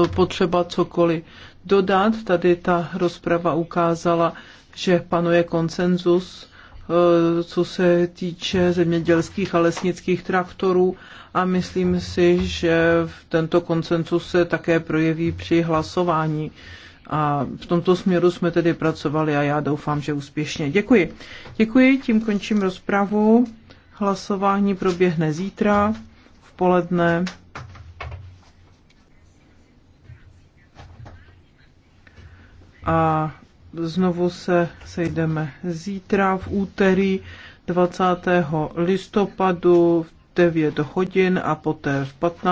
e, potřeba cokoliv dodat. Tady ta rozprava ukázala, že panuje konsenzus, e, co se týče zemědělských a lesnických traktorů a myslím si, že tento konsenzus se také projeví při hlasování. A v tomto směru jsme tedy pracovali a já doufám, že úspěšně. Děkuji. Děkuji, tím končím rozpravu. Hlasování proběhne zítra v poledne. a znovu se sejdeme zítra v úterý 20. listopadu v 9 hodin a poté v 15.